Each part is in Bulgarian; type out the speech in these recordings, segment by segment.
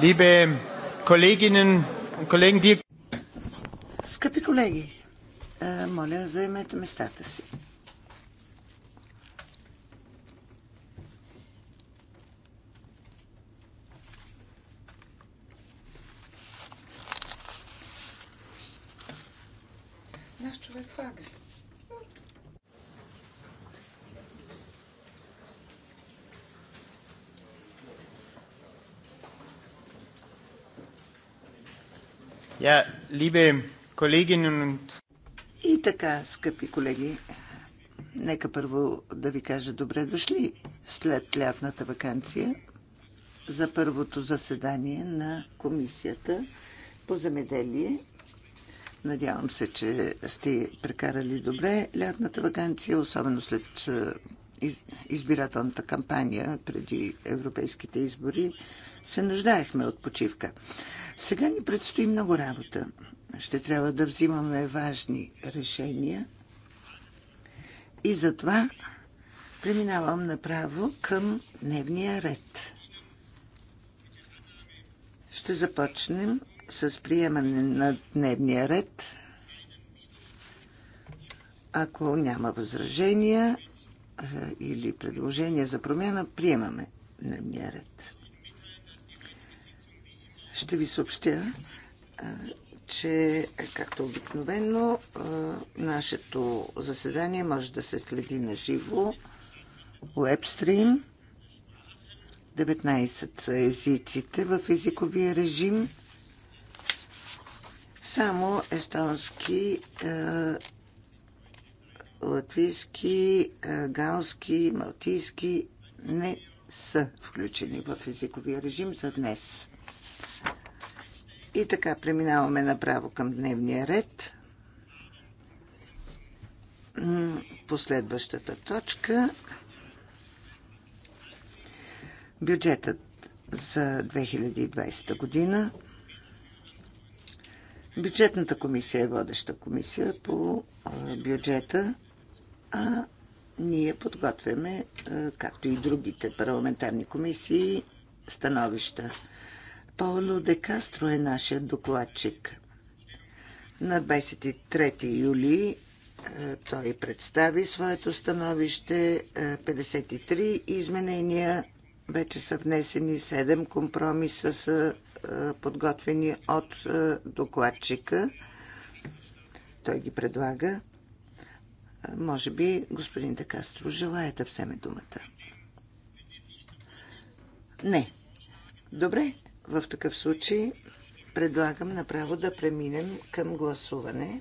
Liebe Kolleginnen und Kollegen, die... Скъпи колеги, моля, заемете местата си. Ja, liebe Kolleginnen und... И така, скъпи колеги, нека първо да ви кажа добре дошли след лятната вакансия за първото заседание на Комисията по земеделие. Надявам се, че сте прекарали добре лятната вакансия, особено след избирателната кампания преди европейските избори, се нуждаехме от почивка. Сега ни предстои много работа. Ще трябва да взимаме важни решения и затова преминавам направо към дневния ред. Ще започнем с приемане на дневния ред. Ако няма възражения, или предложения за промяна, приемаме дневния ред. Ще ви съобщя, че, както обикновено, нашето заседание може да се следи на живо, уебстрим. 19 са езиците в езиковия режим. Само естонски латвийски, галски, малтийски не са включени в езиковия режим за днес. И така преминаваме направо към дневния ред. Последващата точка. Бюджетът за 2020 година. Бюджетната комисия е водеща комисия по бюджета а ние подготвяме, както и другите парламентарни комисии, становища. Пауло де Кастро е нашия докладчик. На 23 юли той представи своето становище. 53 изменения вече са внесени, 7 компромиса са подготвени от докладчика. Той ги предлага. Може би господин Декастро желая да вземе думата. Не. Добре, в такъв случай предлагам направо да преминем към гласуване.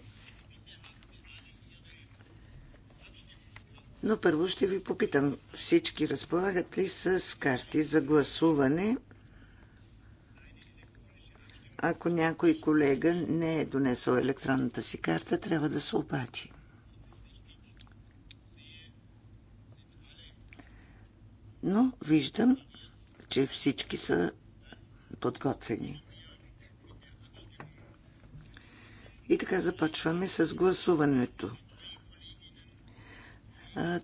Но първо ще ви попитам, всички разполагат ли с карти за гласуване? Ако някой колега не е донесъл електронната си карта, трябва да се обади. но виждам, че всички са подготвени. И така започваме с гласуването.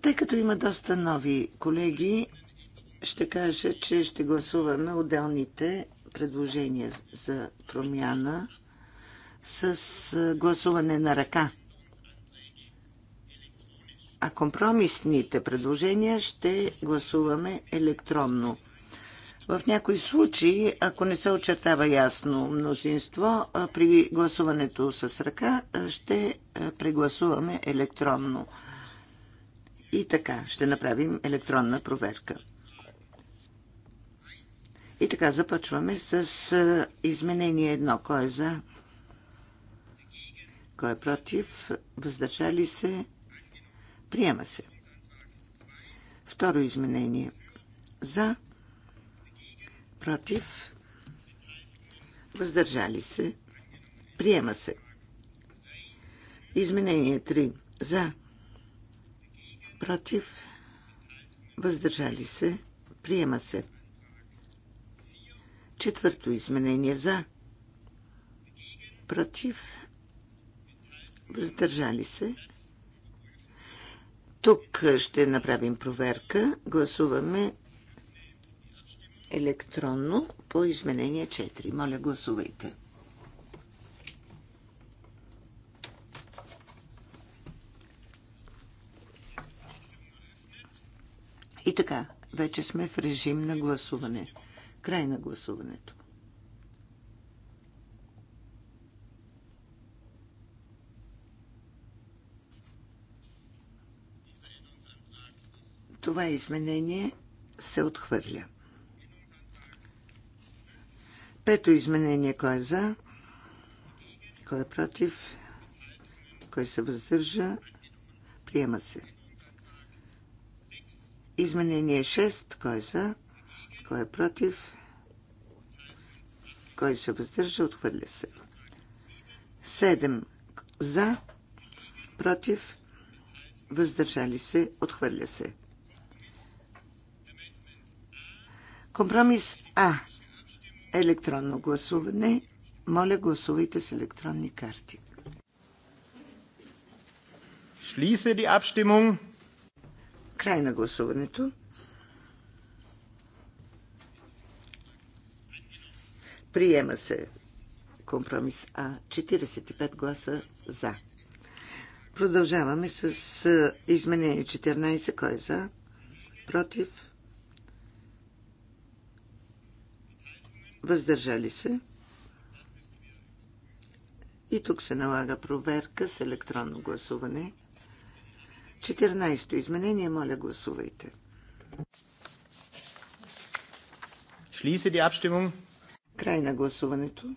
Тъй като има доста нови колеги, ще кажа, че ще гласуваме отделните предложения за промяна с гласуване на ръка. А компромисните предложения ще гласуваме електронно. В някои случаи, ако не се очертава ясно мнозинство, при гласуването с ръка ще прегласуваме електронно. И така, ще направим електронна проверка. И така, започваме с изменение едно. Кой е за? Кой е против? Въздържали се? Приема се. Второ изменение. За. Против. Въздържали се. Приема се. Изменение 3. За. Против. Въздържали се. Приема се. Четвърто изменение. За. Против. Въздържали се. Тук ще направим проверка. Гласуваме електронно по изменение 4. Моля, гласувайте. И така, вече сме в режим на гласуване. Край на гласуването. Това изменение се отхвърля. Пето изменение. Кой е за? Кой е против? Кой се въздържа? Приема се. Изменение 6. Кой е за? Кой е против? Кой се въздържа? Отхвърля се. 7. За? Против? Въздържали се? Отхвърля се. Компромис А. Електронно гласуване. Моля, гласувайте с електронни карти. Шлисе ди Abstimmung. Край на гласуването. Приема се компромис А. 45 гласа за. Продължаваме с изменение 14. Кой е за? Против? въздържали се. И тук се налага проверка с електронно гласуване. 14-то изменение, моля гласувайте. Шлисе ди Abstimmung. Край на гласуването.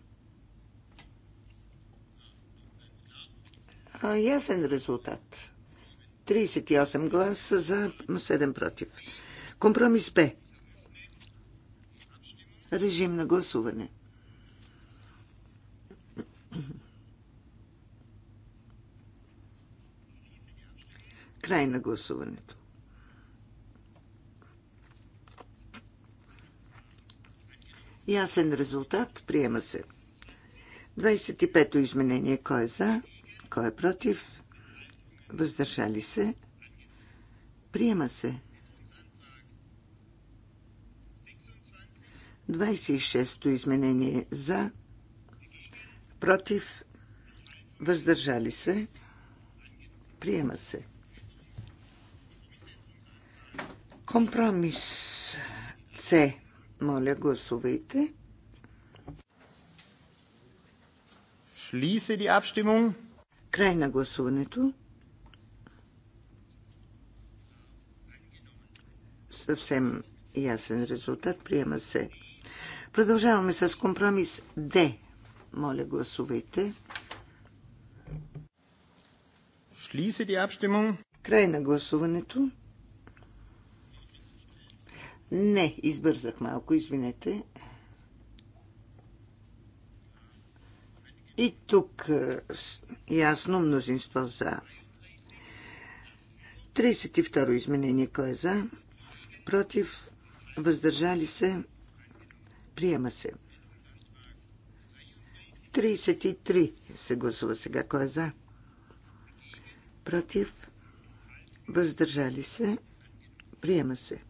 А, ясен резултат. 38 гласа за 7 против. Компромис Б. Режим на гласуване. Край на гласуването. Ясен резултат. Приема се. 25-то изменение. Кой е за? Кой е против? Въздържали се? Приема се. 26-то изменение за, против, въздържали се, приема се. Компромис С. Моля, гласувайте. Шлисе ди абстимун. Край на гласуването. Съвсем ясен резултат. Приема се. Продължаваме с компромис Д. Моля, гласувайте. Schließe die Abstimmung. Край на гласуването. Не, избързах малко, извинете. И тук е, ясно мнозинство за. 32 изменение. Кой е за? Против? Въздържали се? Приема се. 33 се гласува сега. Кой е за? Против. Въздържали се. Приема се.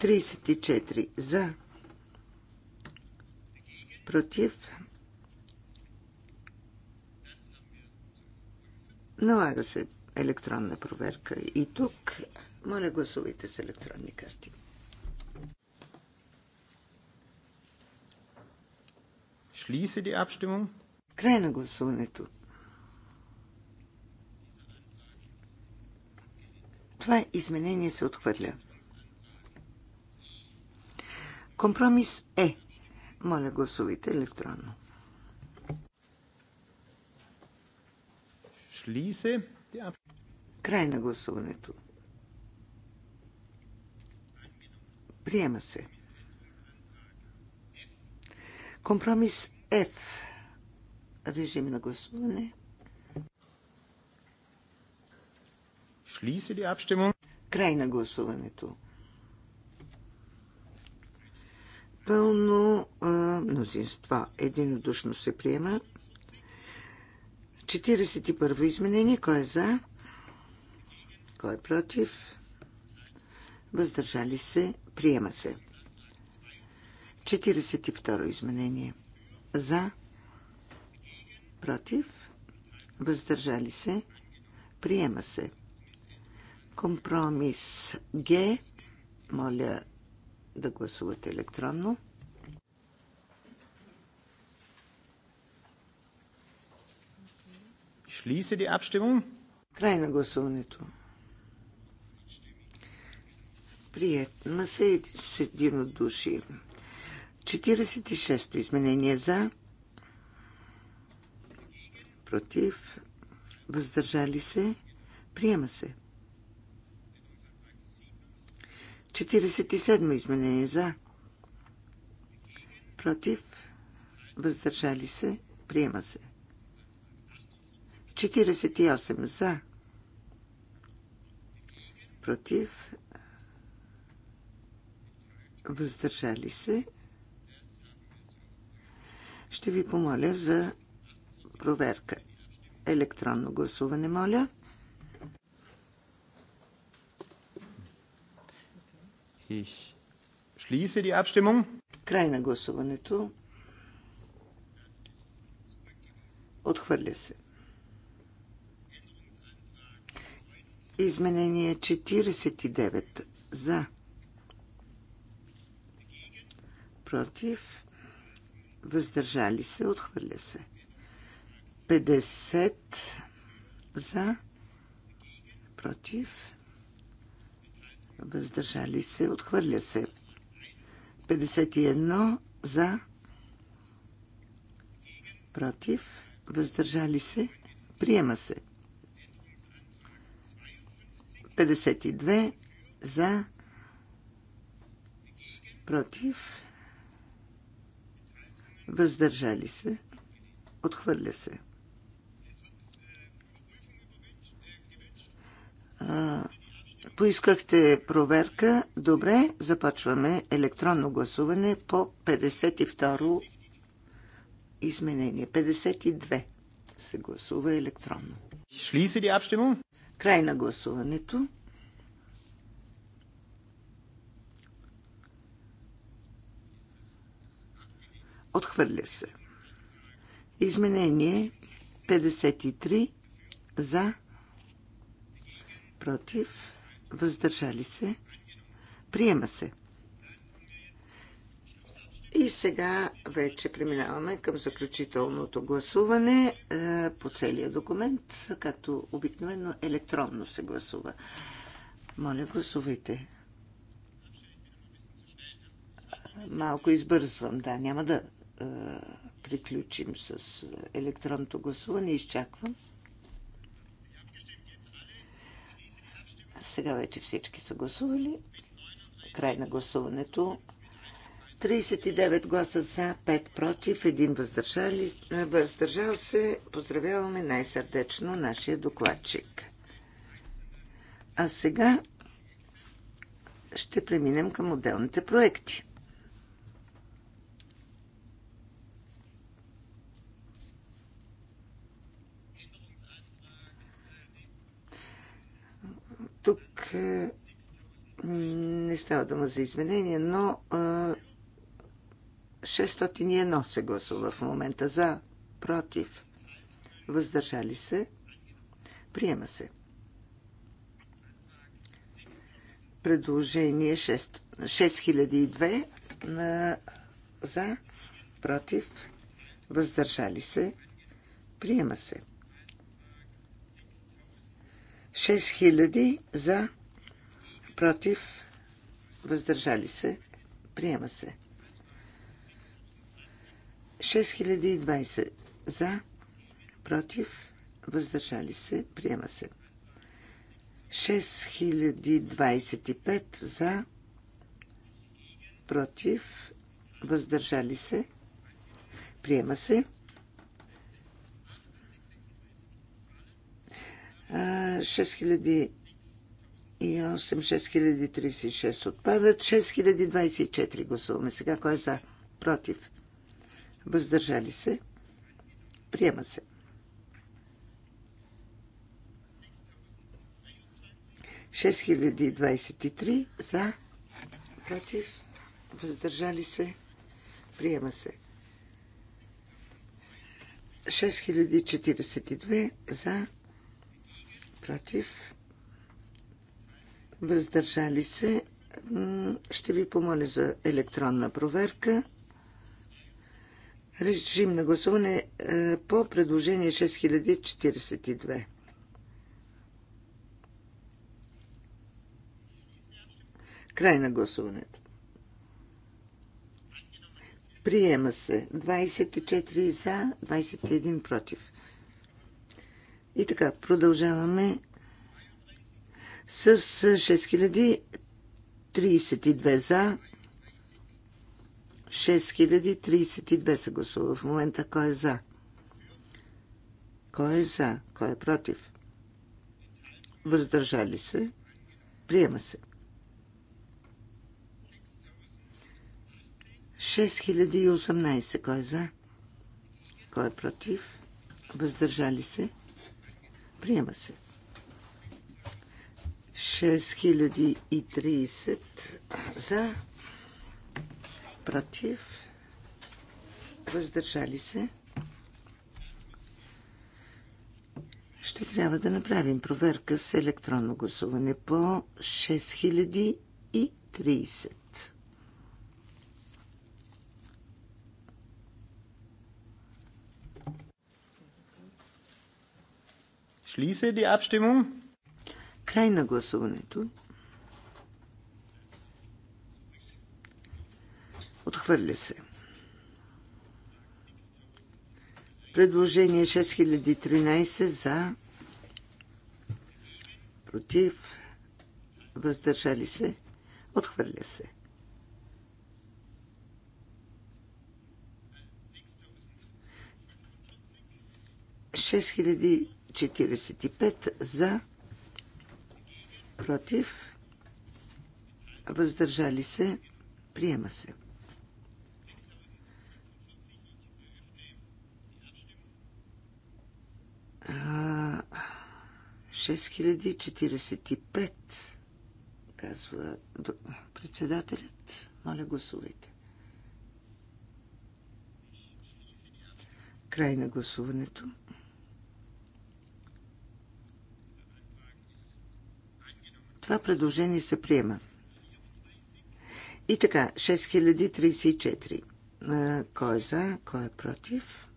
34 за. Против. Налага се електронна проверка. И тук, моля, гласувайте с електронни карти. Schließe die Abstimmung. Край на гласуването. Това изменение се отхвърля. Компромис е. Моля, гласувайте електронно. Шлисе. Край на гласуването. Приема се. Компромис F. Режим на гласуване. Шлиси ли абщемо? Край на гласуването. Пълно а, мнозинства. Единодушно се приема. 41 изменение. Кой е за? Кой е против? Въздържали се? Приема се. 42 изменение. За, против, въздържали се, приема се. Компромис Г. Моля да гласувате електронно. Schließe die Abstimmung. Край на гласуването. Приятна се единодушие. 46-то изменение за, против, въздържали се, приема се. 47 изменение за, против, въздържали се, приема се. 48 за, против, въздържали се, ще ви помоля за проверка. Електронно гласуване, моля. Ich schließe die Abstimmung. Край на гласуването. Отхвърля се. Изменение 49 за. Против въздържали се, отхвърля се. 50 за, против, въздържали се, отхвърля се. 51 за, против, въздържали се, приема се. 52 за, против, въздържали се, отхвърля се. Поискахте проверка. Добре, започваме електронно гласуване по 52 изменение. 52 се гласува електронно. Край на гласуването. Отхвърля се. Изменение 53 за, против, въздържали се, приема се. И сега вече преминаваме към заключителното гласуване е, по целия документ, както обикновено електронно се гласува. Моля, гласувайте. Малко избързвам, да, няма да приключим с електронното гласуване. Изчаквам. Сега вече всички са гласували. Край на гласуването. 39 гласа за, 5 против, 1 въздържал, въздържал се. Поздравяваме най-сърдечно нашия докладчик. А сега ще преминем към отделните проекти. Е, не става дума за изменение, но 601 се гласува в момента за, против, въздържали се, приема се. Предложение 6002 на, за, против, въздържали се, приема се. 6000 за, против, въздържали се, приема се. 6020 за, против, въздържали се, приема се. 6025 за, против, въздържали се, приема се. 6000 и 6036 отпадат. 6024 гласуваме. Сега кой е за? Против. Въздържали се. Приема се. 6023 за. Против. Въздържали се. Приема се. 6042 за. Против въздържали се. Ще ви помоля за електронна проверка. Режим на гласуване е, по предложение 6042. Край на гласуването. Приема се 24 за, 21 против. И така, продължаваме с 6032 за. 6032 се гласува в момента. Кой е за? Кой е за? Кой е против? Въздържали се? Приема се. 6018. Кой е за? Кой е против? Въздържали се? Приема се. 6030 за, против, въздържали се. Ще трябва да направим проверка с електронно гласуване по 6030. Schließe die Abstimmung. Край на гласуването. Отхвърля се. Предложение 6013 за против въздържали се. Отхвърля се. пет за против, въздържали се, приема се. А, 6045, казва председателят. Моля, гласувайте. Край на гласуването. Това предложение се приема. И така, 6034. Кой е за, кой е против?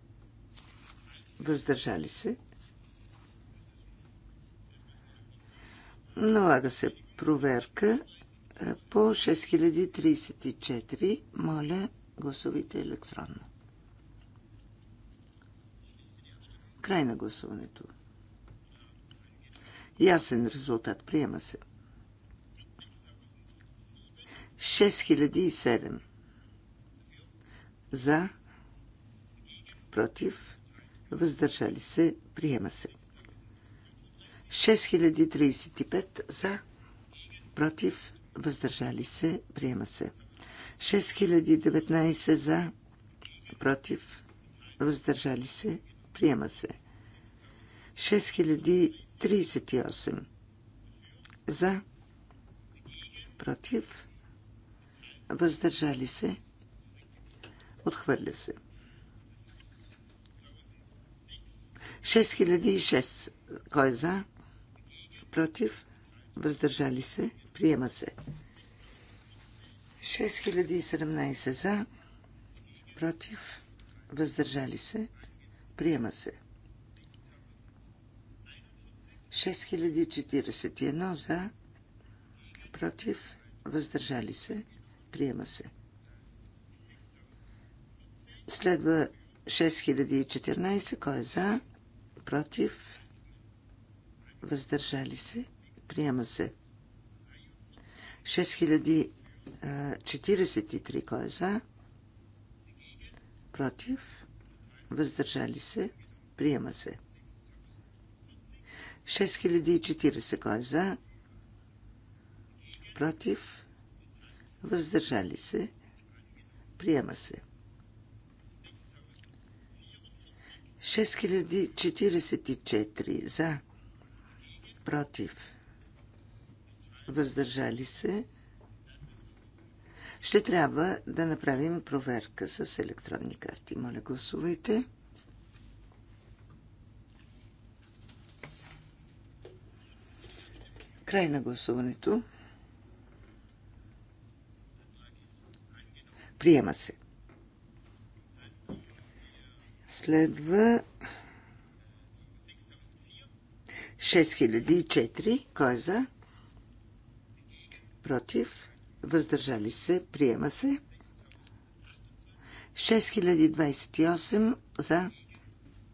Въздържали се. Налага се проверка по 6034. Моля, гласувайте електронно. Край на гласуването. Ясен резултат. Приема се. 6007. За, против, въздържали се, приема се. 6035 за, против, въздържали се, приема се. 6019 за, против, въздържали се, приема се. 6038 за, против, въздържали се, отхвърля се. 6006. Кой е за? Против? Въздържали се? Приема се. 6017 за. Против? Въздържали се? Приема се. 6041 за. Против? Въздържали се? Приема се. Следва 6014. Кой е за? Против? Въздържали се? Приема се. 6043. Кой е за? Против? Въздържали се? Приема се. 6040. Кой е за? Против? въздържали се, приема се. 6044 за, против, въздържали се. Ще трябва да направим проверка с електронни карти. Моля, гласувайте. Край на гласуването. Приема се. Следва 6004. Кой е за? Против. Въздържали се. Приема се. 6028 за.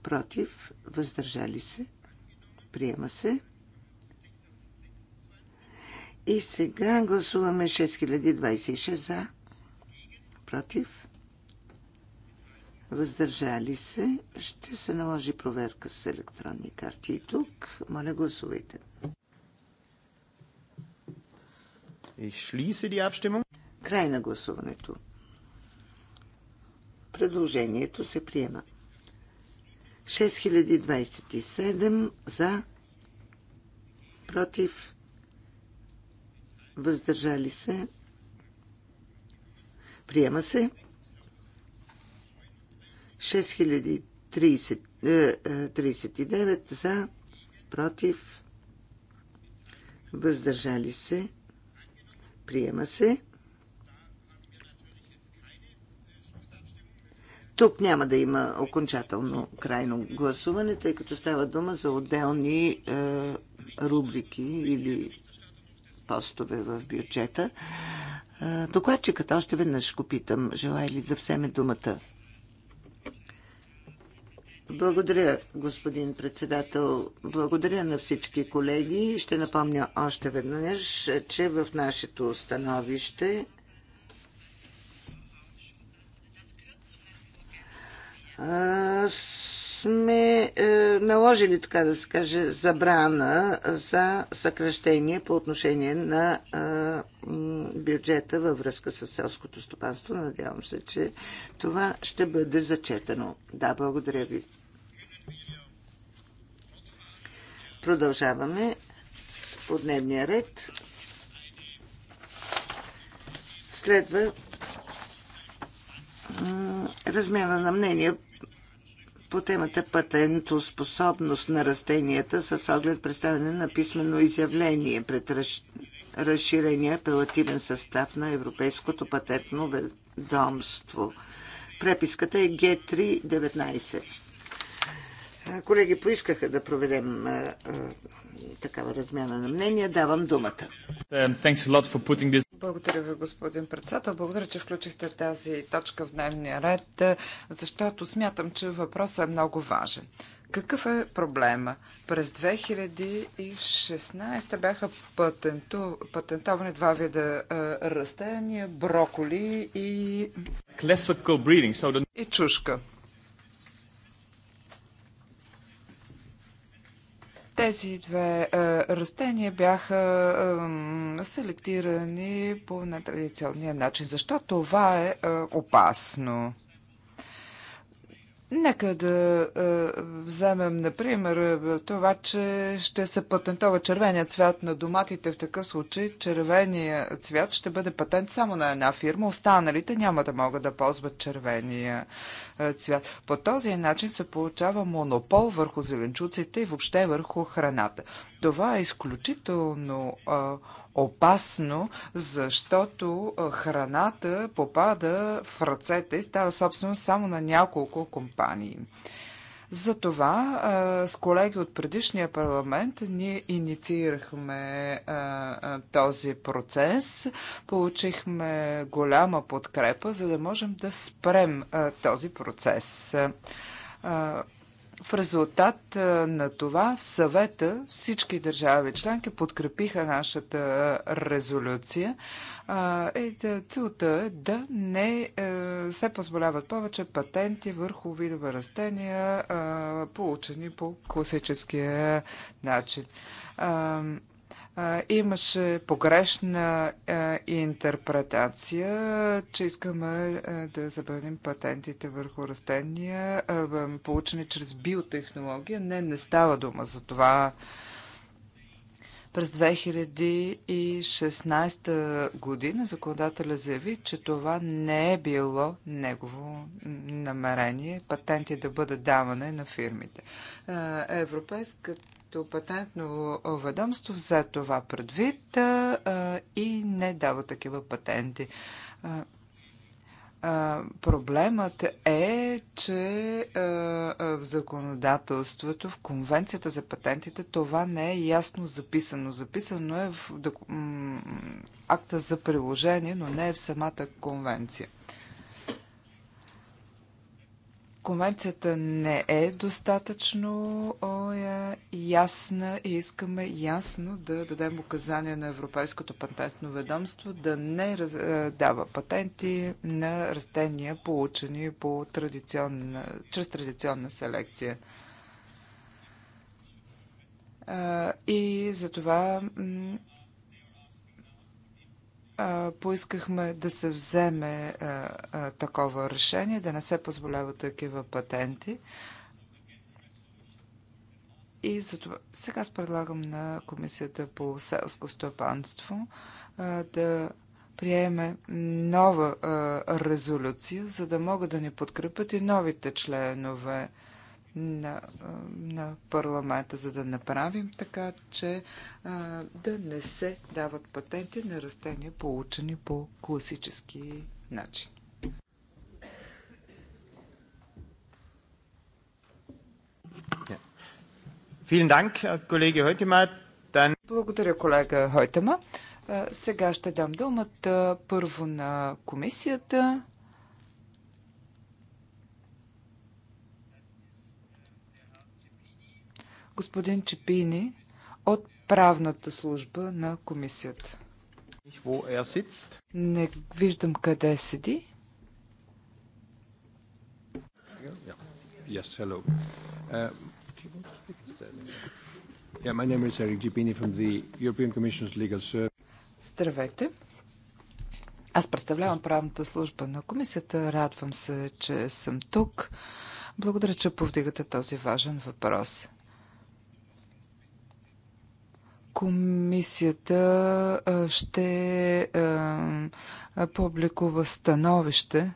Против. Въздържали се. Приема се. И сега гласуваме 6026 за против, въздържали се, ще се наложи проверка с електронни карти. И тук, моля, гласувайте. Край на гласуването. Предложението се приема. 6027 за, против, въздържали се, Приема се. 6039 е, е, за, против, въздържали се. Приема се. Тук няма да има окончателно крайно гласуване, тъй като става дума за отделни е, рубрики или постове в бюджета. Докладчикът още веднъж го питам, желая ли да вземе думата. Благодаря, господин председател. Благодаря на всички колеги. Ще напомня още веднъж, че в нашето становище сме е, наложили, така да се каже, забрана за съкръщение по отношение на е, бюджета във връзка с селското стопанство. Надявам се, че това ще бъде зачетено. Да, благодаря ви. Продължаваме по дневния ред. Следва размяна на мнения по темата патентоспособност на растенията с оглед представяне на писмено изявление пред разширения апелативен състав на Европейското патентно ведомство. Преписката е Г319 колеги поискаха да проведем такава размяна на мнения. Давам думата. Um, Благодаря ви, господин председател. Благодаря, че включихте тази точка в дневния ред, защото смятам, че въпросът е много важен. Какъв е проблема? През 2016 бяха патенту, патентовани два вида растения броколи и... so the... и чушка. Тези две е, растения бяха селектирани по нетрадиционния начин. Защо това е, е опасно? Нека да е, вземем, например, това, че ще се патентова червения цвят на доматите. В такъв случай червения цвят ще бъде патент само на една фирма. Останалите няма да могат да ползват червения е, цвят. По този начин се получава монопол върху зеленчуците и въобще върху храната. Това е изключително е, опасно, защото храната попада в ръцете и става собственост само на няколко компании. Затова с колеги от предишния парламент ние инициирахме този процес, получихме голяма подкрепа, за да можем да спрем този процес в резултат на това в съвета всички държави членки подкрепиха нашата резолюция и е, целта е да не е, се позволяват повече патенти върху видове растения, получени по класическия начин имаше погрешна интерпретация, че искаме да забраним патентите върху растения, получени чрез биотехнология. Не, не става дума за това. През 2016 година законодателя заяви, че това не е било негово намерение патенти да бъдат даване на фирмите. Европейската Европейското патентно ведомство взе това предвид а, и не дава такива патенти. А, а, проблемът е, че а, в законодателството, в конвенцията за патентите, това не е ясно записано. Записано е в акта за приложение, но не е в самата конвенция. Конвенцията не е достатъчно о, е, ясна и искаме ясно да дадем указания на Европейското патентно ведомство да не раз, е, дава патенти на растения, получени по традиционна, чрез традиционна селекция. Е, и затова поискахме да се вземе такова решение, да не се позволяват такива патенти. И затова сега предлагам на Комисията по селско стопанство да приеме нова резолюция, за да могат да ни подкрепят и новите членове на, на парламента, за да направим така, че а, да не се дават патенти на растения, получени по класически начин. Благодаря, колега Хойтема. Сега ще дам думата първо на комисията. господин Чепини от правната служба на комисията. Er Не виждам къде седи. Yes, hello. Uh, yeah, my name is Eric Gipini from the European Commission's Legal Service. Здравейте. Аз представлявам правната служба на комисията. Радвам се, че съм тук. Благодаря, че повдигате този важен въпрос. Комисията ще публикува становище,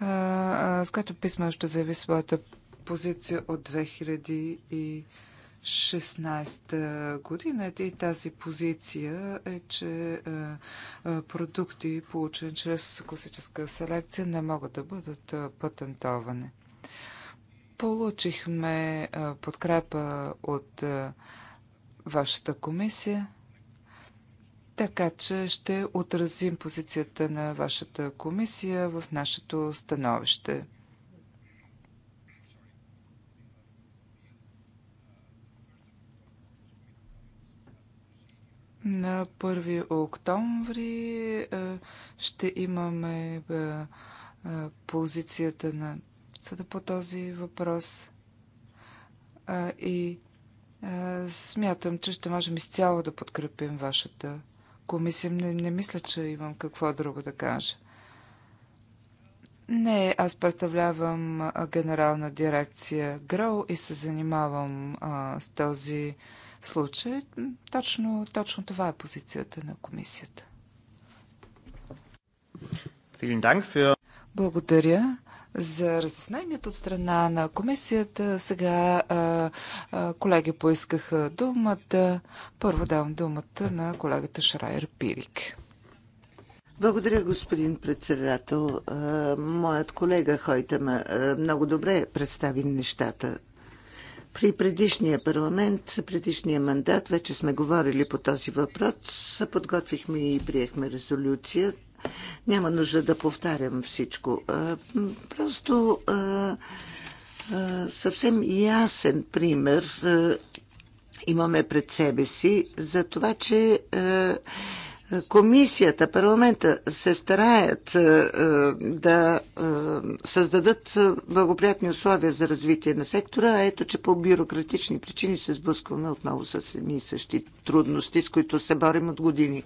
с което писма ще заяви своята позиция от 2016 година. И тази позиция е, че продукти, получени чрез класическа селекция, не могат да бъдат патентовани получихме подкрепа от вашата комисия, така че ще отразим позицията на вашата комисия в нашето становище. На 1 октомври е, ще имаме е, е, позицията на съда по този въпрос и Смятам, че ще можем изцяло да подкрепим вашата комисия. Не, не мисля, че имам какво друго да кажа. Не, аз представлявам генерална дирекция ГРОУ и се занимавам а, с този случай. Точно, точно това е позицията на комисията. Благодаря за разяснението от страна на комисията. Сега а, а, колеги поискаха думата. Първо давам думата на колегата Шрайер Пирик. Благодаря, господин председател. Моят колега Хойтема много добре представи нещата. При предишния парламент, предишния мандат, вече сме говорили по този въпрос. Подготвихме и приехме резолюция няма нужда да повтарям всичко. Просто съвсем ясен пример имаме пред себе си за това, че комисията, парламента се стараят да създадат благоприятни условия за развитие на сектора, а ето, че по бюрократични причини се сблъскваме отново с едни и същи трудности, с които се борим от години.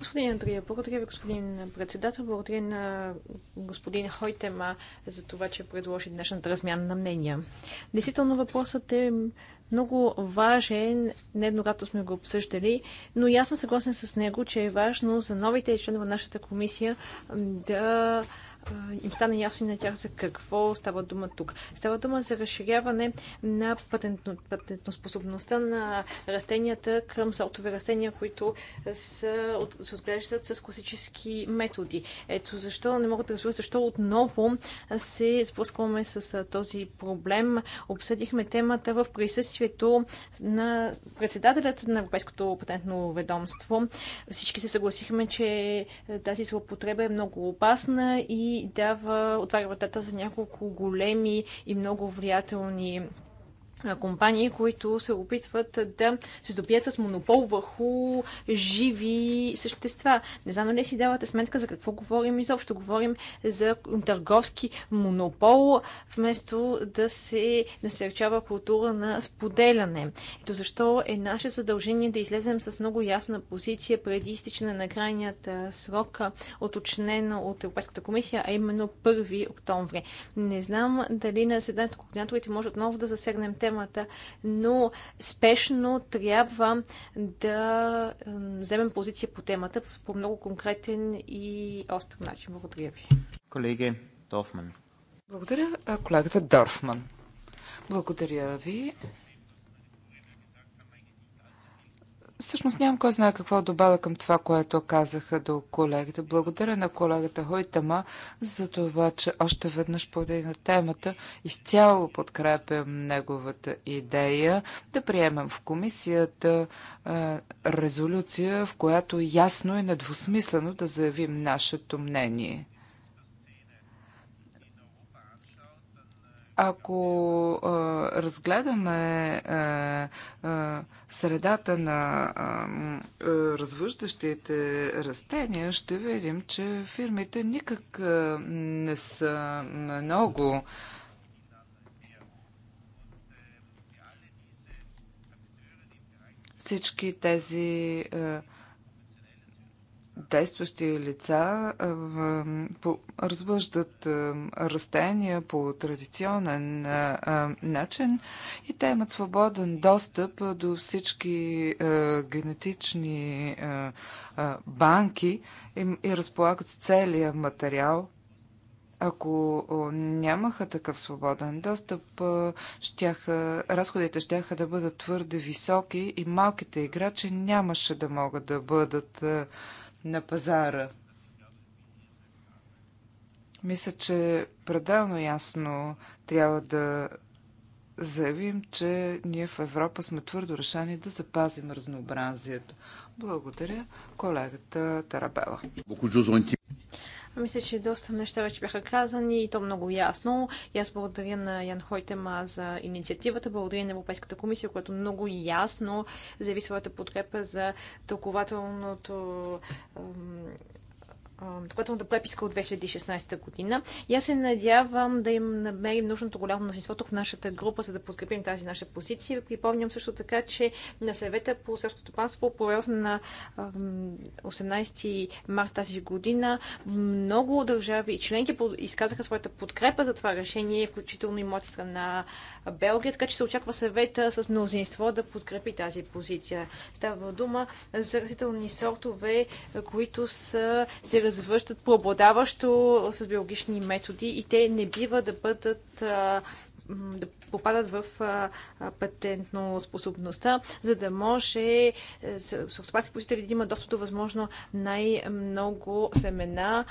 Господин Андрия, благодаря ви, господин председател. Благодаря на господин Хойтема за това, че предложи днешната размяна на мнения. Действително въпросът е много важен, нееднократно сме го обсъждали, но и аз съм съгласен с него, че е важно за новите членове на нашата комисия да им стана ясно и на тях за какво става дума тук. Става дума за разширяване на патентоспособността на растенията към сортове растения, които са, от, се отглеждат с класически методи. Ето защо не мога да разбера защо отново се сблъскваме с този проблем. Обсъдихме темата в присъствието на председателят на Европейското патентно ведомство. Всички се съгласихме, че тази злоупотреба е много опасна и дава, отваря вратата за няколко големи и много влиятелни компании, които се опитват да се здобият с монопол върху живи същества. Не знам дали си давате сметка за какво говорим изобщо. Говорим за търговски монопол, вместо да се насърчава култура на споделяне. Ето защо е наше задължение да излезем с много ясна позиция преди изтичане на крайният срок, оточнено от Европейската комисия, а именно 1 октомври. Не знам дали на заседанието координаторите може отново да засегнем те системата, но спешно трябва да вземем позиция по темата по много конкретен и остър начин. Благодаря ви. Колеги Дофман. Благодаря колегата Дорфман. Благодаря ви. Всъщност нямам кой знае какво добавя към това, което казаха до колегите. Благодаря на колегата Хойтама за това, че още веднъж подигна темата. Изцяло подкрепям неговата идея да приемем в комисията е, резолюция, в която ясно и недвусмислено да заявим нашето мнение. Ако а, разгледаме а, а, средата на а, а, развъждащите растения, ще видим, че фирмите никак а, не са много. Всички тези а, действащи лица развъждат растения по традиционен начин и те имат свободен достъп до всички генетични банки и разполагат с целия материал. Ако нямаха такъв свободен достъп, щяха, разходите щяха да бъдат твърде високи и малките играчи нямаше да могат да бъдат на пазара. Мисля, че пределно ясно трябва да заявим, че ние в Европа сме твърдо решени да запазим разнообразието. Благодаря колегата Тарабела. Мисля, че доста неща вече бяха казани и то много ясно. И аз благодаря на Ян Хойтема за инициативата, благодаря на Европейската комисия, която много ясно заяви своята подкрепа за толкователното допълнителната преписка от 2016 година. И аз се надявам да им намерим нужното голямо мнозинство в нашата група, за да подкрепим тази наша позиция. Припомням също така, че на съвета по сърското стопанство по на 18 март тази година много държави и членки изказаха своята подкрепа за това решение, включително и моята страна Белгия, така че се очаква съвета с мнозинство да подкрепи тази позиция. Става дума за растителни сортове, които са се развъждат преобладаващо с биологични методи и те не бива да бъдат да попадат в патентно способността, за да може е, селскопански посетители да има достъп до възможно най-много семена.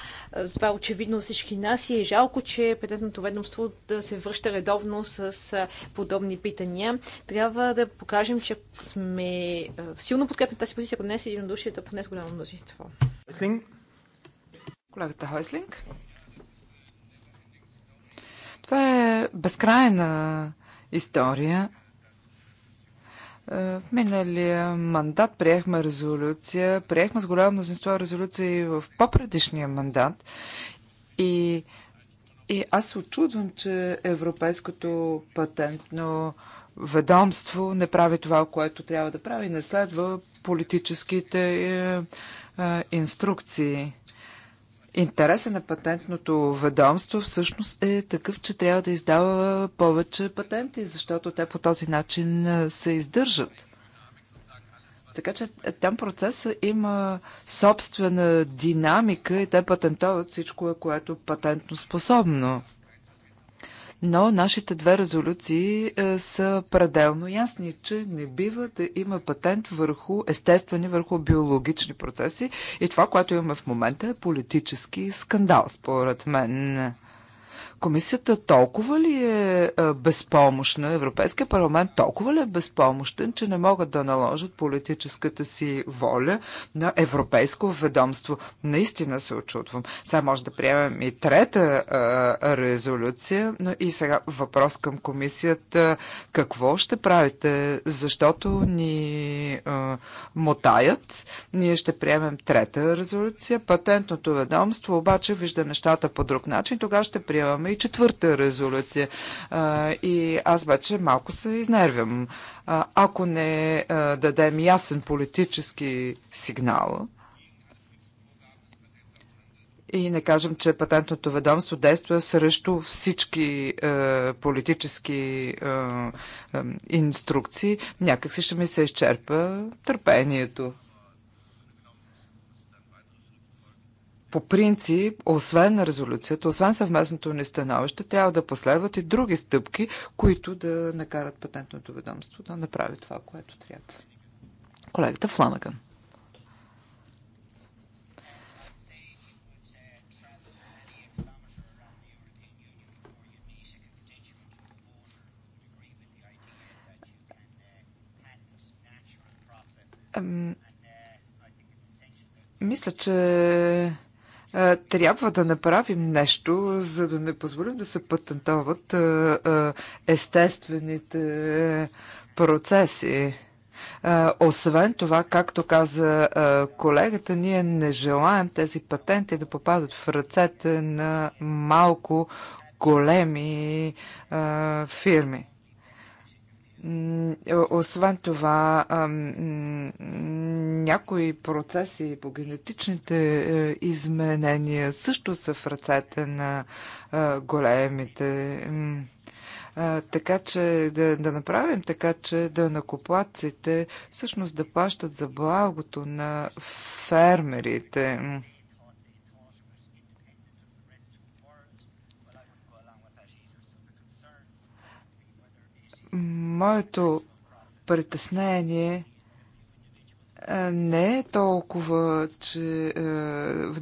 Това е очевидно за всички нас и е жалко, че патентното ведомство да се връща редовно с подобни питания. Трябва да покажем, че сме силно подкрепени тази позиция, поне е с единодушие, да поне е с голямо мнозинство. Колегата Хойслинг. Това е безкрайна история. Е, в миналия мандат приехме резолюция, приехме с голямо мнозинство резолюции в по-предишния мандат и, и аз се очудвам, че Европейското патентно ведомство не прави това, което трябва да прави, не следва политическите е, е, инструкции интереса на е патентното ведомство всъщност е такъв, че трябва да издава повече патенти, защото те по този начин се издържат. Така че е, там процеса има собствена динамика и те патентоват всичко, е, което е патентно способно. Но нашите две резолюции е, са пределно ясни, че не бива да има патент върху естествени, върху биологични процеси. И това, което имаме в момента е политически скандал, според мен. Комисията толкова ли е, е безпомощна, Европейския парламент толкова ли е безпомощен, че не могат да наложат политическата си воля на европейско ведомство? Наистина се очутвам. Сега може да приемем и трета а, е, резолюция, но и сега въпрос към комисията. Какво ще правите? Защото ни а, е, мотаят. Ние ще приемем трета резолюция. Патентното ведомство обаче вижда нещата по друг начин. Тогава ще приемаме и четвърта резолюция. И аз вече малко се изнервям. Ако не дадем ясен политически сигнал, и не кажем, че патентното ведомство действа срещу всички е, политически е, е, инструкции, някакси ще ми се изчерпа търпението. по принцип, освен на резолюцията, освен съвместното ни становище, трябва да последват и други стъпки, които да накарат патентното ведомство да направи това, което трябва. Колегата Фланаган. Мисля, че трябва да направим нещо, за да не позволим да се патентоват естествените процеси. Освен това, както каза колегата, ние не желаем тези патенти да попадат в ръцете на малко големи фирми. Освен това, някои процеси по генетичните е, изменения също са в ръцете на е, големите. Е, така че да, да направим така, че да накоплаците всъщност да плащат за благото на фермерите. моето притеснение е, не е толкова, че е,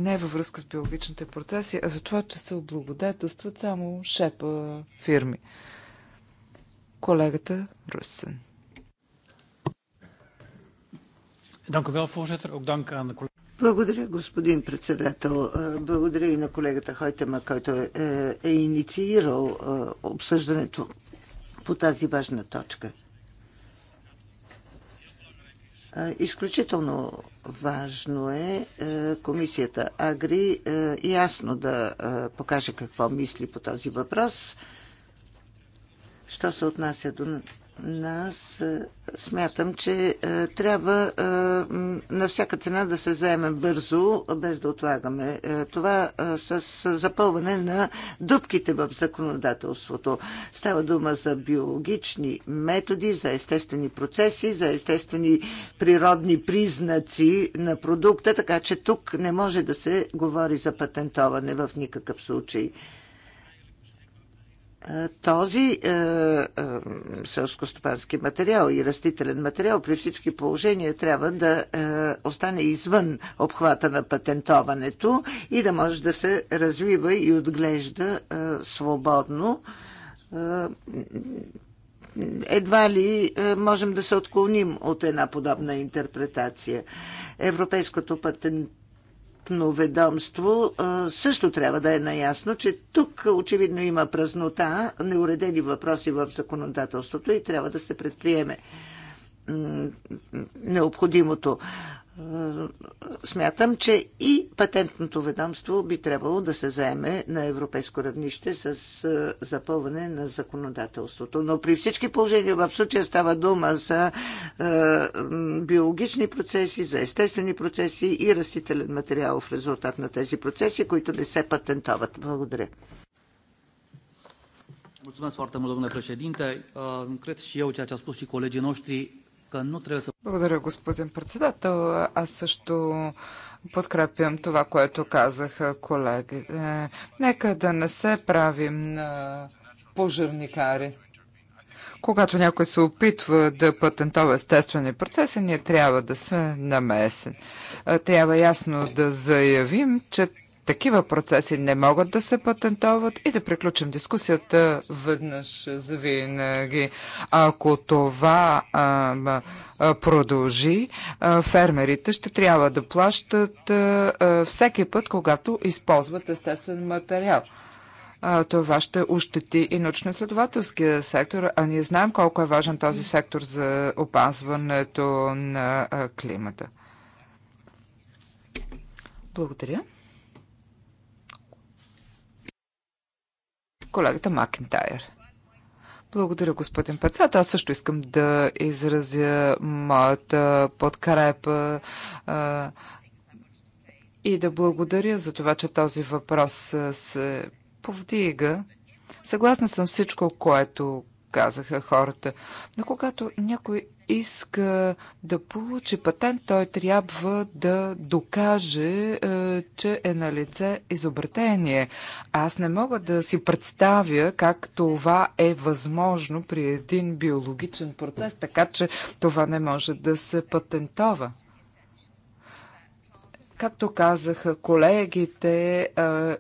не е във връзка с биологичните процеси, а за това, че се облагодетелстват само шепа фирми. Колегата Русен. Благодаря, господин председател. Е, благодаря и на колегата Хойтема, който е, е инициирал обсъждането по тази важна точка. Изключително важно е, е комисията Агри е, ясно да е, покаже какво мисли по този въпрос. Що се отнася до нас е, смятам, че е, трябва е, на всяка цена да се заеме бързо, без да отлагаме това с запълване на дупките в законодателството. Става дума за биологични методи, за естествени процеси, за естествени природни признаци на продукта, така че тук не може да се говори за патентоване в никакъв случай този е, е, селскостопански материал и растителен материал при всички положения трябва да е, остане извън обхвата на патентоването и да може да се развива и отглежда е, свободно. Е, едва ли е, можем да се отклоним от една подобна интерпретация. Европейското патент експертно ведомство също трябва да е наясно, че тук очевидно има празнота, неуредени въпроси в законодателството и трябва да се предприеме необходимото. Е, смятам, че и патентното ведомство би трябвало да се заеме на европейско равнище с е, запълване на законодателството. Но при всички положения в случая става дума за е, биологични процеси, за естествени процеси и растителен материал в резултат на тези процеси, които не се патентоват. Благодаря. Mulțumesc foarte mult, domnule președinte. Cred și eu ceea ce au spus și colegii noștri благодаря, господин председател. Аз също подкрепям това, което казаха колегите. Нека да не се правим на пожарникари. Когато някой се опитва да патентова естествени процеси, ние трябва да се намесим. Е, трябва ясно да заявим, че такива процеси не могат да се патентоват и да приключим дискусията веднъж за винаги. Ако това а, продължи, а, фермерите ще трябва да плащат а, а, всеки път, когато използват естествен материал това ще ощети и научно-изследователския сектор, а ние знаем колко е важен този сектор за опазването на климата. Благодаря. колегата Макентайр. Благодаря, господин Пецат. Аз също искам да изразя моята подкрепа а, и да благодаря за това, че този въпрос се повдига. Съгласна съм всичко, което казаха хората. Но когато някой иска да получи патент, той трябва да докаже, е, че е на лице изобретение. Аз не мога да си представя как това е възможно при един биологичен процес, така че това не може да се патентова. Както казаха колегите, е,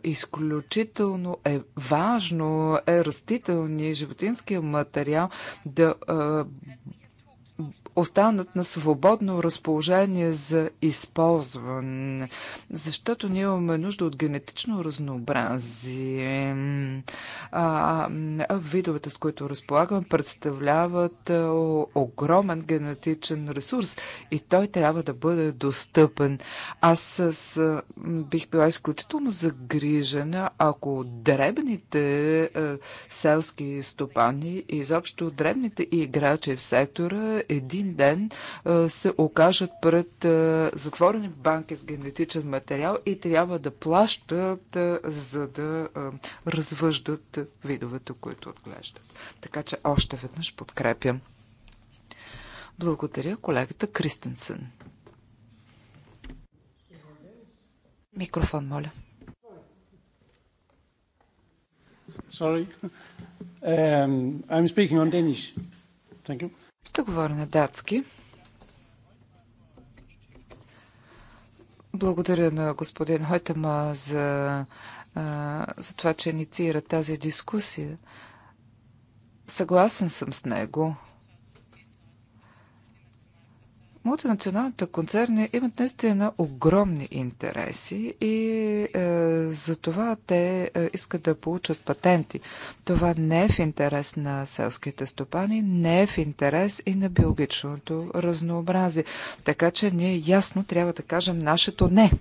изключително е важно е растителния животинския материал да е, останат на свободно разположение за използване, защото ние имаме нужда от генетично разнообразие. А, видовете, с които разполагам, представляват огромен генетичен ресурс и той трябва да бъде достъпен. Аз с, бих била изключително загрижена, ако дребните селски стопани и изобщо дребните играчи в сектора един един ден се окажат пред затворени банки с генетичен материал и трябва да плащат, за да развъждат видовете, които отглеждат. Така че още веднъж подкрепям. Благодаря колегата Кристенсен. Микрофон, моля. Sorry. Um, I'm speaking on Danish. Thank you. Ще говоря на датски. Благодаря на господин Хойтема за, за това, че инициира тази дискусия. Съгласен съм с него. Мултинационалните концерни имат наистина огромни интереси и е, за това те е, искат да получат патенти. Това не е в интерес на селските стопани, не е в интерес и на биологичното разнообразие. Така че ние ясно трябва да кажем нашето не.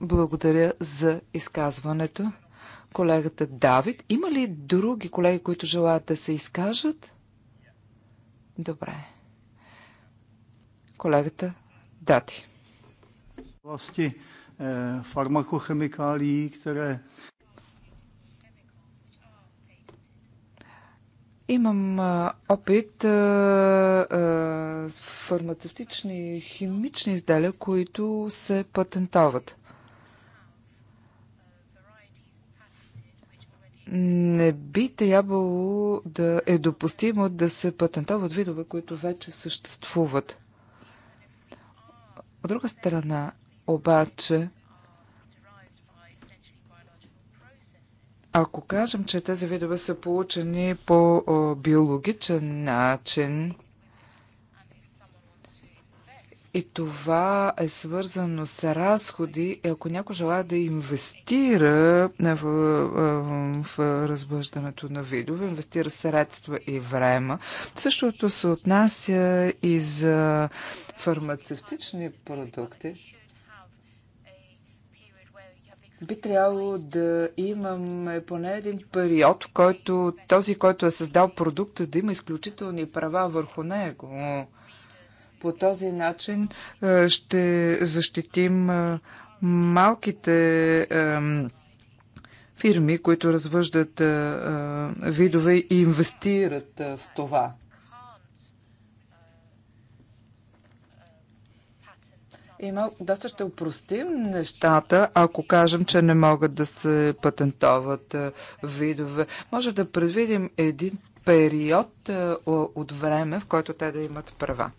Благодаря за изказването. Колегата Давид. Има ли други колеги, които желаят да се изкажат? Добре колегата Дати. Власти е, фармакохемикалии, které... Имам е, опит а, е, а, с фармацевтични химични изделия, които се патентават. не би трябвало да е допустимо да се патентават видове, които вече съществуват. От друга страна, обаче, ако кажем, че тези видове са получени по биологичен начин, и това е свързано с разходи. Ако някой желая да инвестира в, в, разбъждането на видове, инвестира средства и време, същото се отнася и за фармацевтични продукти би трябвало да имаме поне един период, в който този, който е създал продукта, да има изключителни права върху него. По този начин е, ще защитим е, малките е, фирми, които развъждат видове и инвестират в това. И мал... доста ще упростим нещата, ако кажем, че не могат да се патентоват видове. Може да предвидим един период от време, в който те да имат права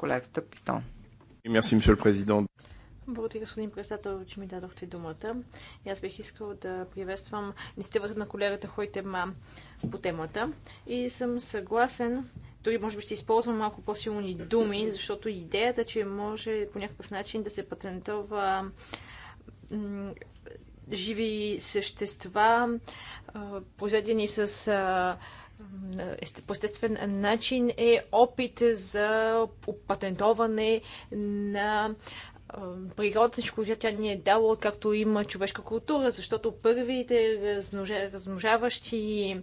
колегата Питон. Мерси, мисъл президент. Благодаря, господин председател, че ми дадохте думата. И аз бих искал да приветствам инициативата на колегата Ма по темата. И съм съгласен, дори може би ще използвам малко по-силни думи, защото идеята, че може по някакъв начин да се патентова живи същества, произведени с по естествен начин е опит за патентоване на природата, която тя ни е дала, както има човешка култура, защото първите размножаващи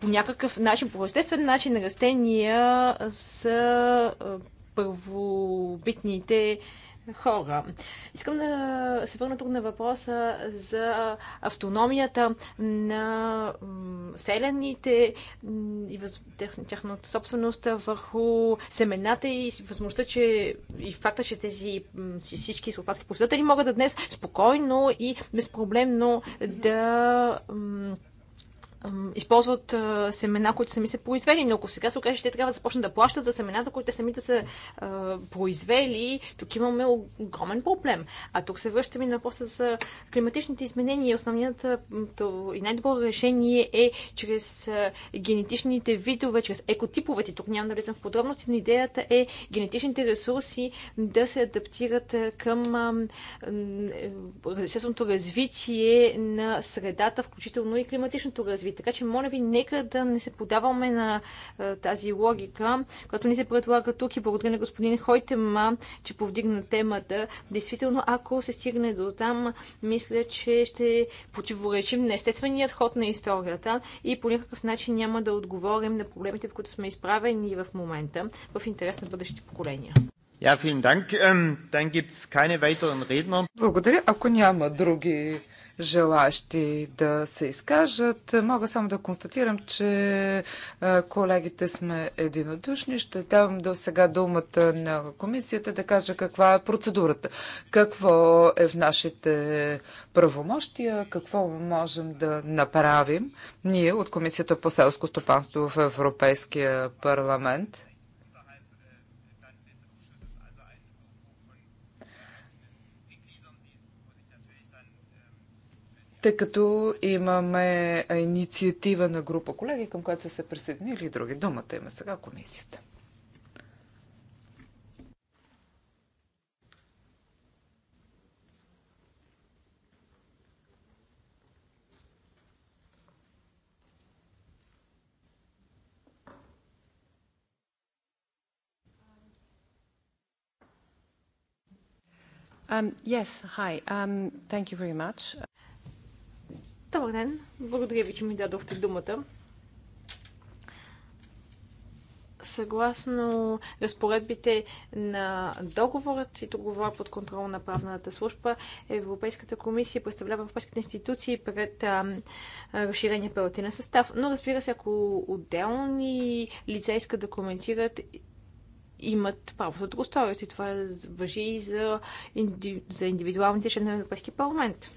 по някакъв начин, по естествен начин растения са първобитните хора. Искам да се върна тук на въпроса за автономията на селените и въз... тяхната собственост върху семената и възможността, че и факта, че тези всички слопатски посетители могат да днес спокойно и безпроблемно да използват семена, които сами са произвели. Но ако сега се окаже, че те трябва да започнат да плащат за семената, които те самите са а, произвели, тук имаме огромен проблем. А тук се връщаме на въпроса за климатичните изменения. Основният и най-добро решение е чрез генетичните видове, чрез екотиповете. Тук няма да влизам в подробности, но идеята е генетичните ресурси да се адаптират към естественото развитие на средата, включително и климатичното развитие така че, моля ви, нека да не се подаваме на а, тази логика, която ни се предлага тук и благодаря на господин Хойтема, че повдигна темата. Действително, ако се стигне до там, мисля, че ще противоречим на естественият ход на историята и по някакъв начин няма да отговорим на проблемите, в които сме изправени в момента, в интерес на бъдещите поколения. Ja, vielen Dank. Ähm, dann gibt es keine weiteren Redner. Благодаря. Ако няма други желащи да се изкажат. Мога само да констатирам, че колегите сме единодушни. Ще давам до сега думата на комисията да кажа каква е процедурата, какво е в нашите правомощия, какво можем да направим ние от Комисията по селско стопанство в Европейския парламент. тъй като имаме инициатива на група колеги, към която са се присъединили и други. Думата има сега комисията. Um, yes, hi. Um, thank you very much. Добър ден. Благодаря ви, че ми дадохте думата. Съгласно разпоредбите на договорът, и договор под контрол на правната служба, Европейската комисия представлява европейските институции пред а, разширения апелативен състав. Но разбира се, ако отделни лица искат да коментират имат правото да го сторят. И това въжи и за, инди... за индивидуалните членове на Европейския парламент.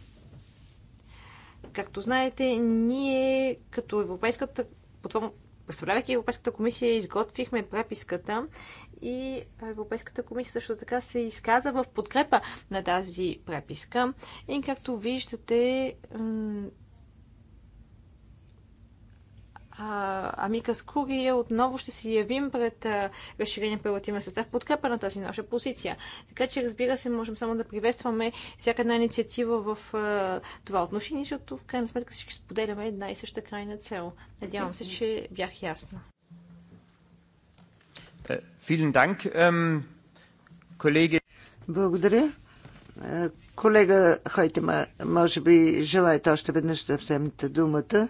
Както знаете, ние като Европейската, представлявайки Европейската комисия, изготвихме преписката и Европейската комисия също така се изказа в подкрепа на тази преписка. И както виждате, Амика Курия отново ще се явим пред разширения апелативен състав подкрепа на тази наша позиция. Така че, разбира се, можем само да приветстваме всяка една инициатива в а, това отношение, защото в крайна сметка всички споделяме една и съща крайна цел. Надявам се, че бях ясна. Е, Благодаря. Е, колега Хойтема, може би желаете още веднъж да вземете думата.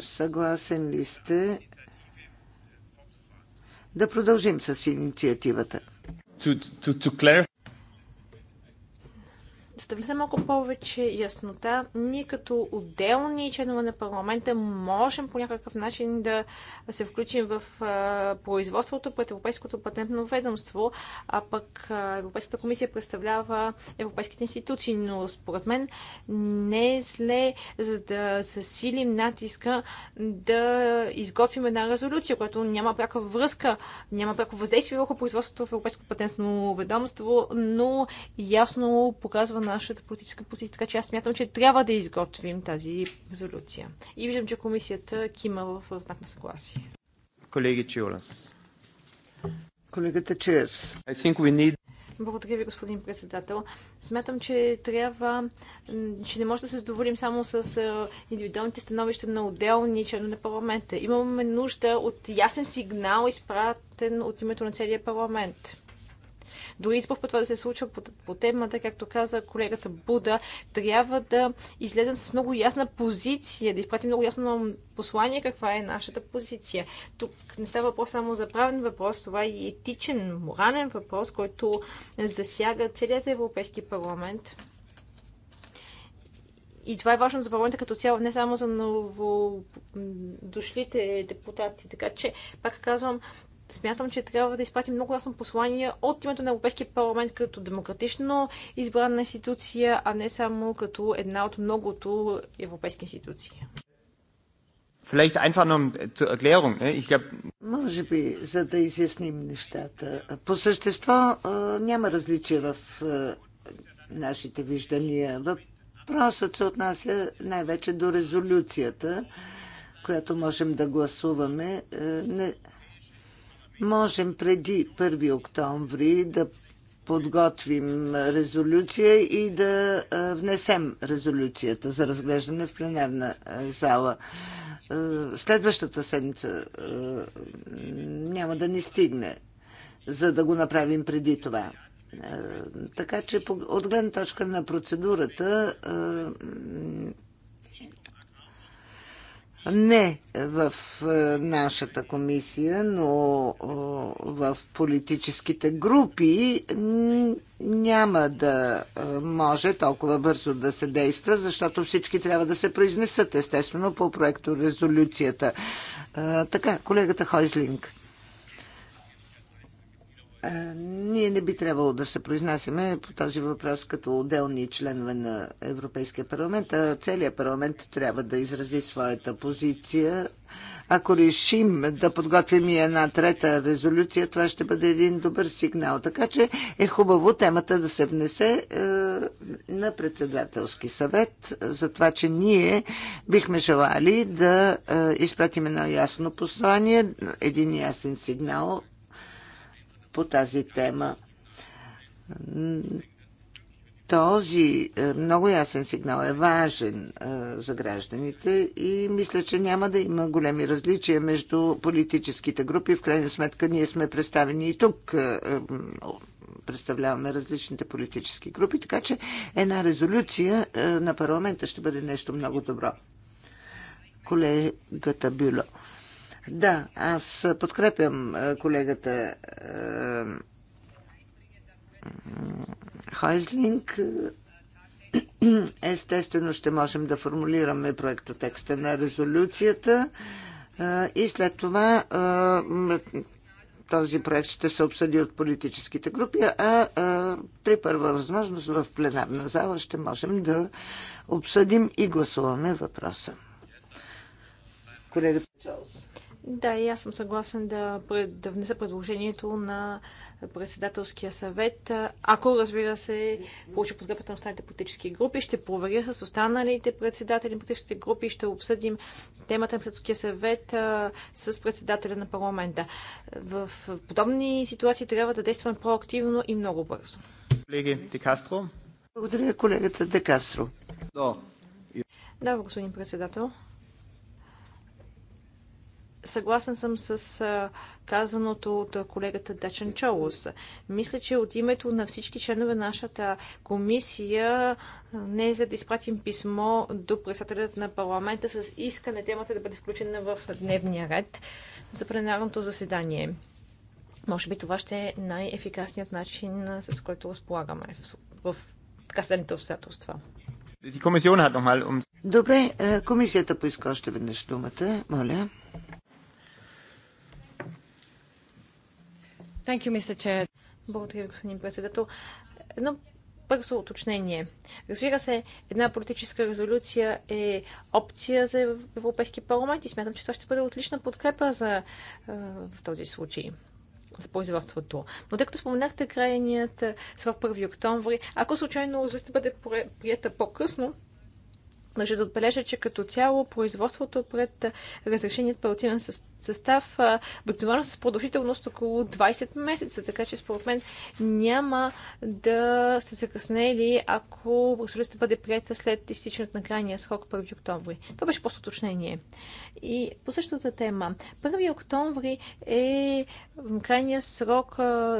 съгласен ли сте да продължим с инициативата? To, to, to за да влезе малко повече яснота, ние като отделни членове на парламента можем по някакъв начин да се включим в производството пред Европейското патентно ведомство, а пък Европейската комисия представлява европейските институции, но според мен не е зле, за да засилим натиска да изготвим една резолюция, която няма пряка връзка, няма пряко въздействие върху производството в Европейското патентно ведомство, но ясно показва нашата политическа позиция, така че аз смятам, че трябва да изготвим тази резолюция. И виждам, че комисията кима в знак на съгласие. Колеги Чиолас. Колегата Чиес. Need... Благодаря ви, господин председател. Смятам, че трябва, че не може да се задоволим само с индивидуалните становища на отделни членове на парламента. Имаме нужда от ясен сигнал, изпратен от името на целия парламент дори и път това да се случва по, по темата, както каза колегата Буда, трябва да излезем с много ясна позиция, да изпратим много ясно послание каква е нашата позиция. Тук не става въпрос само за правен въпрос, това е и етичен, морален въпрос, който засяга целият Европейски парламент. И това е важно за парламента като цяло, не само за новодошлите депутати. Така че, пак казвам, смятам, че трябва да изпратим много ясно послание от името на Европейския парламент като демократично избрана институция, а не само като една от многото европейски институции. Vielleicht einfach nur äh, zur Erklärung. Ich glaub... Може би, за да изясним нещата. По същество няма различие в нашите виждания. Въпросът се отнася най-вече до резолюцията, която можем да гласуваме. Е, не, можем преди 1 октомври да подготвим резолюция и да внесем резолюцията за разглеждане в пленарна зала. Следващата седмица няма да ни стигне, за да го направим преди това. Така че от гледна точка на процедурата не в е, нашата комисия, но е, в политическите групи няма да е, може толкова бързо да се действа, защото всички трябва да се произнесат, естествено, по проекто резолюцията. Така, колегата Хойзлинг. Ние не би трябвало да се произнасяме по този въпрос като отделни членове на Европейския парламент, а целият парламент трябва да изрази своята позиция. Ако решим да подготвим и една трета резолюция, това ще бъде един добър сигнал. Така че е хубаво темата да се внесе е, на председателски съвет, за това, че ние бихме желали да е, изпратим едно ясно послание, един ясен сигнал по тази тема. Този е, много ясен сигнал е важен е, за гражданите и мисля, че няма да има големи различия между политическите групи. В крайна сметка ние сме представени и тук е, представляваме различните политически групи, така че една резолюция на парламента ще бъде нещо много добро. Колегата Бюло. Да, аз подкрепям е, колегата е, Хайзлинг. Естествено ще можем да формулираме проектотекста на резолюцията е, и след това този проект ще се обсъди от политическите групи, а, а при първа възможност в пленарна зала ще можем да обсъдим и гласуваме въпроса. Колегата Чолс. Да, и аз съм съгласен да, да внеса предложението на председателския съвет. Ако, разбира се, получи подкрепата на останалите политически групи, ще проверя с останалите председатели на политическите групи, ще обсъдим темата на председателския съвет а, с председателя на парламента. В подобни ситуации трябва да действаме проактивно и много бързо. Колеги Декастро. Благодаря, колегата Декастро. Да, господин председател. Съгласен съм с казаното от колегата Дачен Чолус. Мисля, че от името на всички членове нашата комисия не е за да изпратим писмо до председателят на парламента с искане темата да бъде включена в дневния ред за пленарното заседание. Може би това ще е най-ефикасният начин, с който разполагаме в, в така следните обстоятелства. Добре, е, комисията поиска още веднъж думата. Моля. Thank you, Mr. Chair. Благодаря, господин председател. Едно бързо уточнение. Разбира се, една политическа резолюция е опция за Европейски парламент и смятам, че това ще бъде отлична подкрепа за, в този случай за производството. Но тъй като споменахте крайният срок 1 октомври, ако случайно сте бъде прията по-късно, може значи да отбележа, че като цяло производството пред разрешеният партиен състав обикновено с продължителност около 20 месеца, така че според мен няма да закъсне закъснели, ако разрешението бъде прията след изтичането на крайния срок 1 октомври. Това беше просто уточнение. И по същата тема. 1 октомври е крайния срок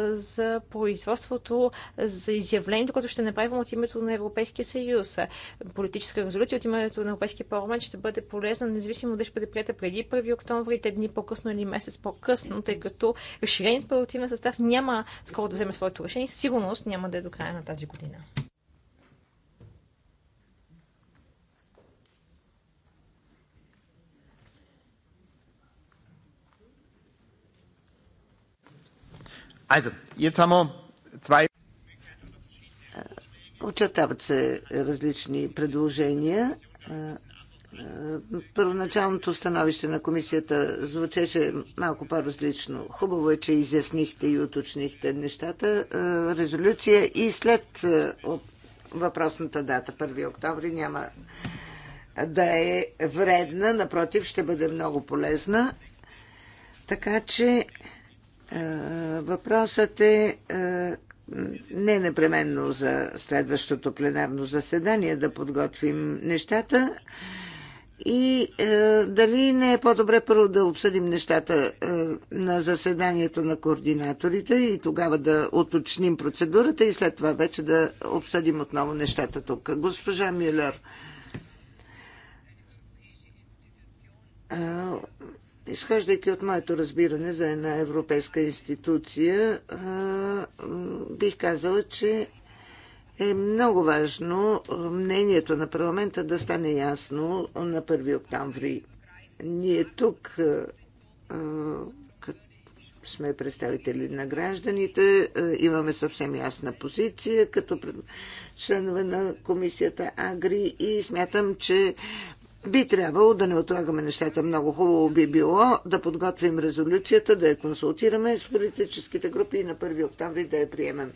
за производството за изявлението, което ще направим от името на Европейския съюз. Политическа резолюция от името на Европейския парламент ще бъде полезна, независимо дали ще бъде прията преди 1 октомври, те дни по-късно или месец по-късно, тъй като разширеният палативен състав няма скоро да вземе своето решение и със сигурност няма да е до края на тази година. Also, jetzt haben wir zwei. Очертават се различни предложения. Първоначалното становище на комисията звучеше малко по-различно. Хубаво е, че изяснихте и уточнихте нещата. Резолюция и след въпросната дата, 1 октомври, няма да е вредна. Напротив, ще бъде много полезна. Така че въпросът е не непременно за следващото пленарно заседание да подготвим нещата и е, дали не е по-добре първо да обсъдим нещата е, на заседанието на координаторите и тогава да уточним процедурата и след това вече да обсъдим отново нещата тук. Госпожа Милер, е, Изхождайки от моето разбиране за една европейска институция, бих казала, че е много важно мнението на парламента да стане ясно на 1 октомври. Ние тук сме представители на гражданите, имаме съвсем ясна позиция като членове на комисията Агри и смятам, че би трябвало да не отлагаме нещата. Много хубаво би било да подготвим резолюцията, да я консултираме с политическите групи и на 1 октомври да я приемем.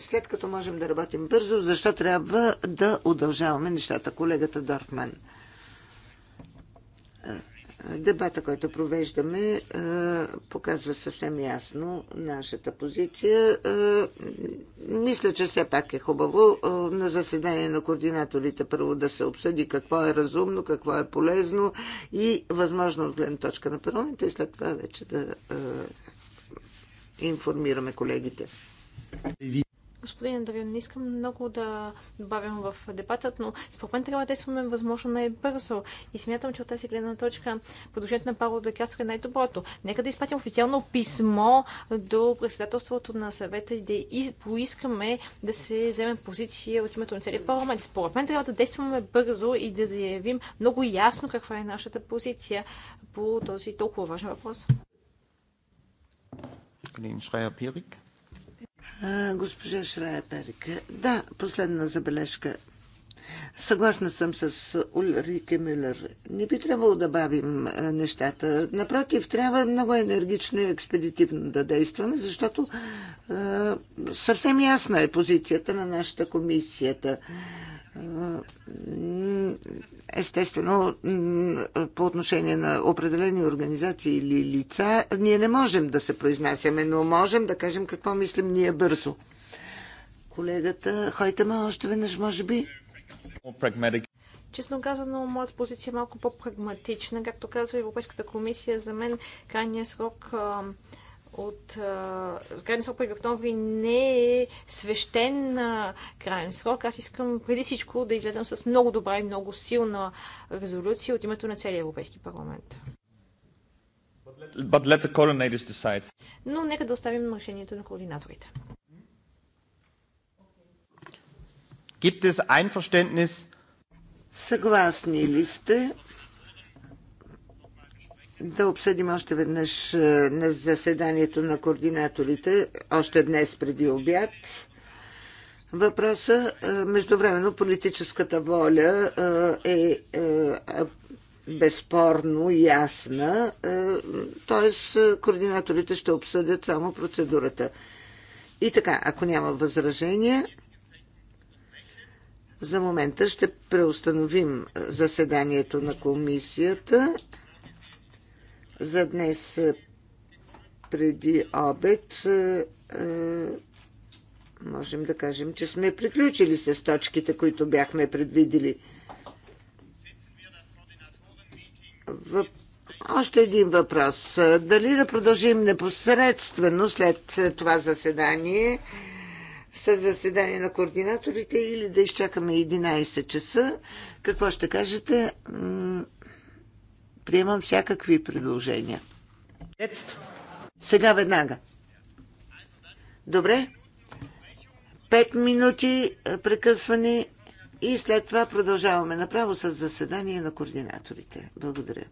След като можем да работим бързо, защо трябва да удължаваме нещата? Колегата Дорфман. Дебата, който провеждаме, е, показва съвсем ясно нашата позиция. Е, мисля, че все пак е хубаво е, на заседание на координаторите първо да се обсъди какво е разумно, какво е полезно и възможно от гледна точка на парламента и след това вече да информираме колегите. Господин Андрео, не искам много да добавям в дебатът, но според мен трябва да действаме възможно най-бързо. И смятам, че от тази гледна точка продължението на Павло да е най-доброто. Нека да изпратим официално писмо до председателството на съвета и да поискаме да се вземе позиция от името на целият парламент. Според мен трябва да действаме бързо и да заявим много ясно каква е нашата позиция по този толкова важен въпрос. Господин Шрайер-Пирик. Госпожа Шрая Перика. Да, последна забележка. Съгласна съм с Ульрике Мюллер. Не би трябвало да бавим нещата. Напротив, трябва много енергично и експедитивно да действаме, защото съвсем ясна е позицията на нашата комисията. Естествено, по отношение на определени организации или лица, ние не можем да се произнасяме, но можем да кажем какво мислим ние бързо. Колегата, ме, още веднъж, може би. Честно казано, моята позиция е малко по-прагматична. Както казва Европейската комисия, за мен крайният срок от крайен срок 1 октомври не е свещен крайен срок. Аз искам преди всичко да излезам с много добра и много силна резолюция от името на целия Европейски парламент. But let the Но нека да оставим решението на координаторите. Gibt es Einverständnis? Съгласни ли сте да обсъдим още веднъж е, на заседанието на координаторите, още днес преди обяд. Въпроса, е, междувременно политическата воля е, е безспорно ясна, т.е. координаторите ще обсъдят само процедурата. И така, ако няма възражения, за момента ще преустановим заседанието на комисията за днес е, преди обед е, е, можем да кажем, че сме приключили с точките, които бяхме предвидили. Още един въпрос. Дали да продължим непосредствено след това заседание с заседание на координаторите или да изчакаме 11 часа? Какво ще кажете? Приемам всякакви предложения. Сега веднага. Добре. Пет минути е, прекъсване и след това продължаваме направо с заседание на координаторите. Благодаря.